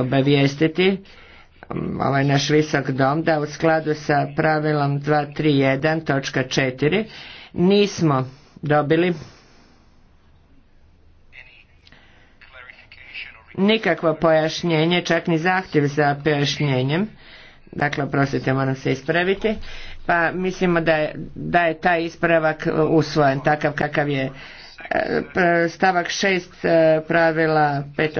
obavijestiti ovaj naš visok dom da u skladu sa pravilom 231.4 nismo dobili nikakvo pojašnjenje, čak ni zahtjev za pojašnjenjem. Dakle, prosite, moram se ispraviti. Pa mislimo da je, da je taj ispravak e, usvojen, takav kakav je e, e, stavak 6 pravila 5.